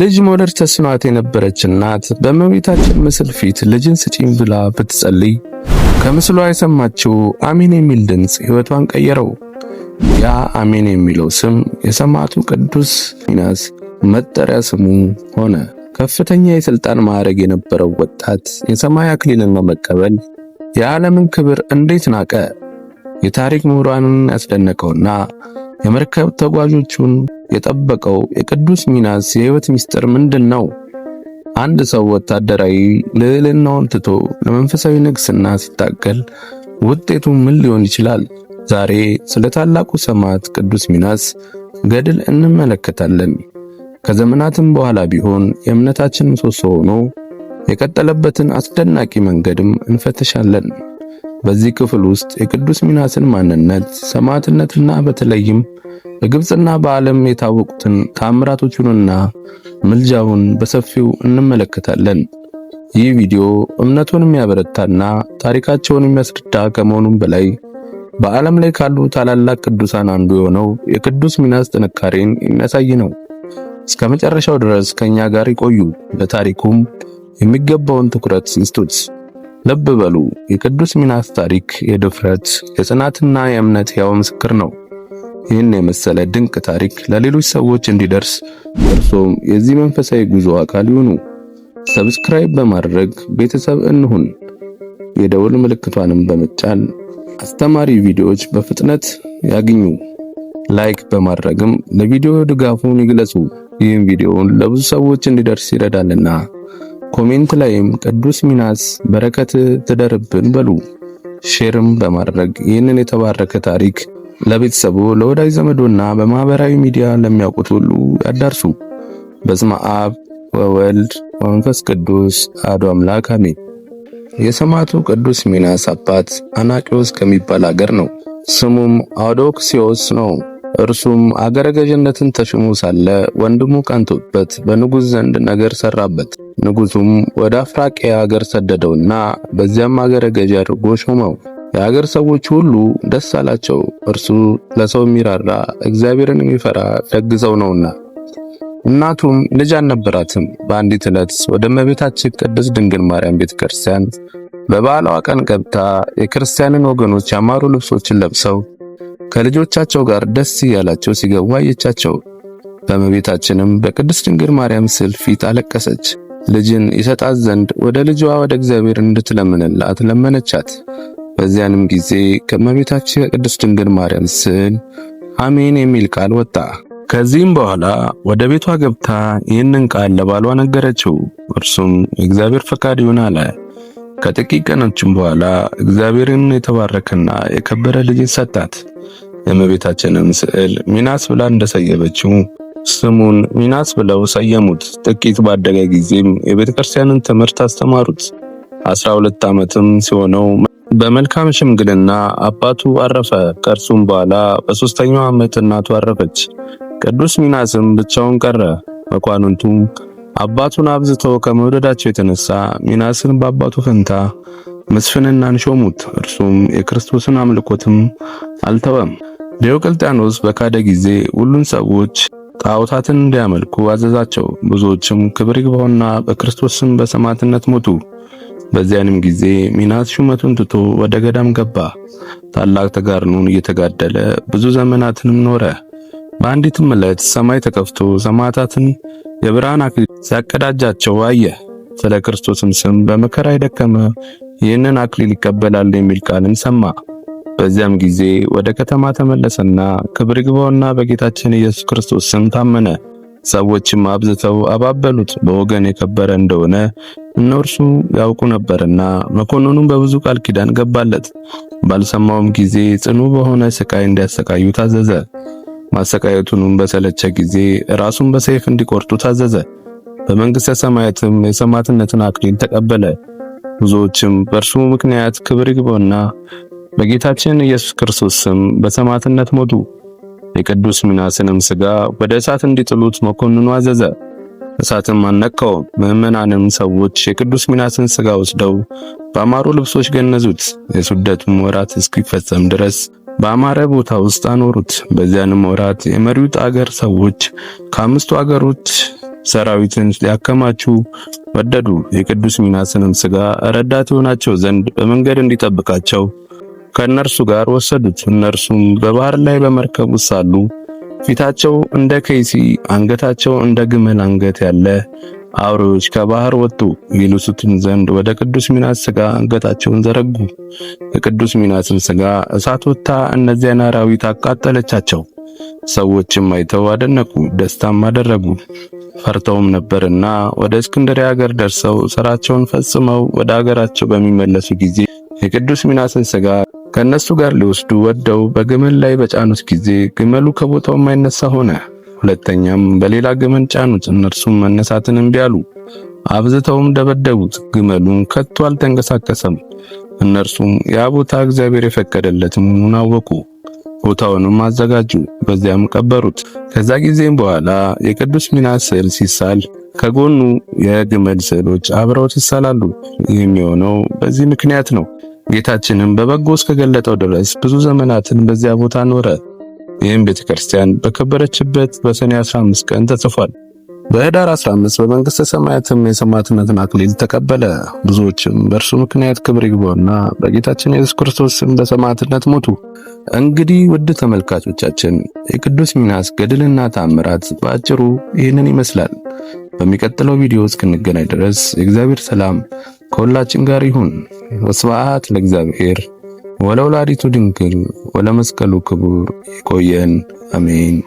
ልጅ መውለድ ተስኗት የነበረች እናት በእመቤታችን ምስል ፊት ልጅን ስጪኝ ብላ ብትጸልይ ከምስሏ የሰማችው አሜን የሚል ድምፅ ሕይወቷን ቀየረው። ያ አሜን የሚለው ስም የሰማዕቱ ቅዱስ ሚናስ መጠሪያ ስሙ ሆነ። ከፍተኛ የሥልጣን ማዕረግ የነበረው ወጣት የሰማይ አክሊልን በመቀበል የዓለምን ክብር እንዴት ናቀ! የታሪክ ምሁራንን ያስደነቀውና የመርከብ ተጓዦቹን የጠበቀው የቅዱስ ሚናስ የህይወት ምስጢር ምንድን ነው? አንድ ሰው ወታደራዊ ልዕልናውን ትቶ ለመንፈሳዊ ንግስና ሲታገል ውጤቱ ምን ሊሆን ይችላል? ዛሬ ስለ ታላቁ ሰማዕት ቅዱስ ሚናስ ገድል እንመለከታለን። ከዘመናትም በኋላ ቢሆን የእምነታችን ምሰሶ ሆኖ የቀጠለበትን አስደናቂ መንገድም እንፈተሻለን። በዚህ ክፍል ውስጥ የቅዱስ ሚናስን ማንነት፣ ሰማዕትነትና በተለይም በግብፅና በዓለም የታወቁትን ታምራቶቹንና ምልጃውን በሰፊው እንመለከታለን። ይህ ቪዲዮ እምነቱን የሚያበረታና ታሪካቸውን የሚያስረዳ ከመሆኑም በላይ በዓለም ላይ ካሉ ታላላቅ ቅዱሳን አንዱ የሆነው የቅዱስ ሚናስ ጥንካሬን የሚያሳይ ነው። እስከ መጨረሻው ድረስ ከኛ ጋር ይቆዩ፣ በታሪኩም የሚገባውን ትኩረት ይስጡት። ልብ በሉ፣ የቅዱስ ሚናስ ታሪክ የድፍረት የጽናትና የእምነት ያው ምስክር ነው። ይህን የመሰለ ድንቅ ታሪክ ለሌሎች ሰዎች እንዲደርስ እርሶም የዚህ መንፈሳዊ ጉዞ አካል ይሁኑ። ሰብስክራይብ በማድረግ ቤተሰብ እንሁን። የደውል ምልክቷንም በመጫን አስተማሪ ቪዲዮዎች በፍጥነት ያግኙ። ላይክ በማድረግም ለቪዲዮ ድጋፉን ይግለጹ። ይህም ቪዲዮውን ለብዙ ሰዎች እንዲደርስ ይረዳልና ኮሜንት ላይም ቅዱስ ሚናስ በረከት ትደርብን በሉ። ሼርም በማድረግ ይህንን የተባረከ ታሪክ ለቤተሰቡ ለወዳጅ ዘመዶና በማህበራዊ ሚዲያ ለሚያውቁት ሁሉ ያዳርሱ። በስመ አብ ወወልድ ወመንፈስ ቅዱስ አሐዱ አምላክ አሜን። የሰማዕቱ ቅዱስ ሚናስ አባት አናቂዎስ ከሚባል አገር ነው። ስሙም አውዶክሲዮስ ነው። እርሱም አገረ ገዥነትን ተሽሞ ሳለ ወንድሙ ቀንቶበት በንጉሥ ዘንድ ነገር ሰራበት። ንጉሡም ወደ አፍራቂያ አገር ሰደደውና በዚያም አገረ ገዥ አድርጎ ሾመው። የአገር ሰዎች ሁሉ ደስ አላቸው፣ እርሱ ለሰው የሚራራ እግዚአብሔርን የሚፈራ ደግ ሰው ነውና። እናቱም ልጅ አልነበራትም። በአንዲት ዕለት ወደ እመቤታችን ቅድስት ድንግል ማርያም ቤተ ክርስቲያን በበዓሏ ቀን ገብታ የክርስቲያንን ወገኖች ያማሩ ልብሶችን ለብሰው ከልጆቻቸው ጋር ደስ እያላቸው ሲገቡ አየቻቸው። እመቤታችንም በቅድስት ድንግል ማርያም ስዕል ፊት አለቀሰች። ልጅን ይሰጣት ዘንድ ወደ ልጇ ወደ እግዚአብሔር እንድትለምንላት ለመነቻት። በዚያንም ጊዜ ከእመቤታችን ከቅድስት ድንግል ማርያም ስዕል አሜን የሚል ቃል ወጣ። ከዚህም በኋላ ወደ ቤቷ ገብታ ይህንን ቃል ለባሏ ነገረችው። እርሱም እግዚአብሔር ፈቃድ ይሁን አለ። ከጥቂት ቀኖችም በኋላ እግዚአብሔርን የተባረከና የከበረ ልጅ ሰጣት። የእመቤታችንን ስዕል ሚናስ ብላ እንደሰየመችው ስሙን ሚናስ ብለው ሰየሙት። ጥቂት ባደገ ጊዜም የቤተ ክርስቲያንን ትምህርት አስተማሩት። አስራ ሁለት ዓመትም ሲሆነው በመልካም ሽምግልና አባቱ አረፈ። ከእርሱም በኋላ በሦስተኛው ዓመት እናቱ አረፈች። ቅዱስ ሚናስም ብቻውን ቀረ። መኳንንቱም አባቱን አብዝቶ ከመውደዳቸው የተነሳ ሚናስን በአባቱ ፈንታ መስፍንናን ሾሙት። እርሱም የክርስቶስን አምልኮትም አልተወም። ዲዮቅልጥያኖስ በካደ ጊዜ ሁሉን ሰዎች ጣዖታትን እንዲያመልኩ አዘዛቸው። ብዙዎችም ክብር ይግባውና በክርስቶስ ስም በሰማዕትነት ሞቱ። በዚያንም ጊዜ ሚናስ ሹመቱን ትቶ ወደ ገዳም ገባ። ታላቅ ተጋድሎን እየተጋደለ ብዙ ዘመናትንም ኖረ። በአንዲትም ዕለት ሰማይ ተከፍቶ ሰማዕታትን የብርሃን አክሊል ሲያቀዳጃቸው አየ። ስለ ክርስቶስም ስም በመከራ የደከመ ይህንን አክሊል ይቀበላል የሚል ቃልን ሰማ። በዚያም ጊዜ ወደ ከተማ ተመለሰና ክብር ይግባውና በጌታችን ኢየሱስ ክርስቶስ ስም ታመነ። ሰዎችም አብዝተው አባበሉት፣ በወገን የከበረ እንደሆነ እነርሱ ያውቁ ነበርና። መኮንኑም በብዙ ቃል ኪዳን ገባለት። ባልሰማውም ጊዜ ጽኑ በሆነ ስቃይ እንዲያሰቃዩ ታዘዘ። ማሰቃየቱንም በሰለቸ ጊዜ ራሱን በሰይፍ እንዲቆርጡ ታዘዘ። በመንግሥተ ሰማያትም የሰማዕትነትን አክሊል ተቀበለ። ብዙዎችም በእርሱ ምክንያት ክብር ይግባውና በጌታችን ኢየሱስ ክርስቶስ ስም በሰማዕትነት ሞቱ። የቅዱስ ሚናስንም ሥጋ ወደ እሳት እንዲጥሉት መኮንኑ አዘዘ። እሳትም አነካውም። ምዕመናንም ሰዎች የቅዱስ ሚናስን ሥጋ ወስደው በአማሩ ልብሶች ገነዙት። የስደቱም ወራት እስኪፈጸም ድረስ በአማረ ቦታ ውስጥ አኖሩት። በዚያንም ወራት የመሪውጥ አገር ሰዎች ከአምስቱ አገሮች ሰራዊትን ሊያከማቹ ወደዱ። የቅዱስ ሚናስንም ሥጋ ረዳት ይሆናቸው ዘንድ በመንገድ እንዲጠብቃቸው ከእነርሱ ጋር ወሰዱት። እነርሱም በባህር ላይ በመርከብ ውስጥ ሳሉ ፊታቸው እንደ ከይሲ አንገታቸው እንደ ግመል አንገት ያለ አውሬዎች ከባህር ወጡ። ይልሱትም ዘንድ ወደ ቅዱስ ሚናስ ስጋ አንገታቸውን ዘረጉ። የቅዱስ ሚናስን ስጋ እሳት ወጥታ እነዚያን አራዊት አቃጠለቻቸው። ሰዎችም አይተው አደነቁ፣ ደስታም አደረጉ። ፈርተውም ነበርና ወደ እስክንድርያ ሀገር ደርሰው ስራቸውን ፈጽመው ወደ አገራቸው በሚመለሱ ጊዜ የቅዱስ ሚናስን ስጋ ። ከነሱ ጋር ሊወስዱ ወደው በግመል ላይ በጫኑት ጊዜ ግመሉ ከቦታው የማይነሳ ሆነ። ሁለተኛም በሌላ ግመል ጫኑት፣ እነርሱም መነሳትን እምቢ አሉ። አብዝተውም ደበደቡት፣ ግመሉም ከቶ አልተንቀሳቀሰም። እነርሱም ያ ቦታ እግዚአብሔር የፈቀደለት መሆኑን አወቁ። ቦታውንም አዘጋጁ፣ በዚያም ቀበሩት። ከዛ ጊዜም በኋላ የቅዱስ ሚናስ ስዕል ሲሳል ከጎኑ የግመል ስዕሎች አብረውት ይሳላሉ። ይህም የሆነው በዚህ ምክንያት ነው። ጌታችንም በበጎ እስከገለጠው ድረስ ብዙ ዘመናትን በዚያ ቦታ ኖረ። ይህም ቤተ ክርስቲያን በከበረችበት በሰኔ 15 ቀን ተጽፏል። በህዳር 15 በመንግስተ ሰማያትም የሰማዕትነትን አክሊል ተቀበለ። ብዙዎችም በእርሱ ምክንያት ክብር ይግባውና በጌታችን ኢየሱስ ክርስቶስ ስም በሰማዕትነት ሞቱ። እንግዲህ ውድ ተመልካቾቻችን የቅዱስ ሚናስ ገድልና ተአምራት በአጭሩ ይህንን ይመስላል። በሚቀጥለው ቪዲዮ እስክንገናኝ ድረስ የእግዚአብሔር ሰላም ከሁላችን ጋር ይሁን። ወስብሐት ለእግዚአብሔር ወለወላዲቱ ድንግል ወለመስቀሉ ክቡር። ይቆየን። አሜን።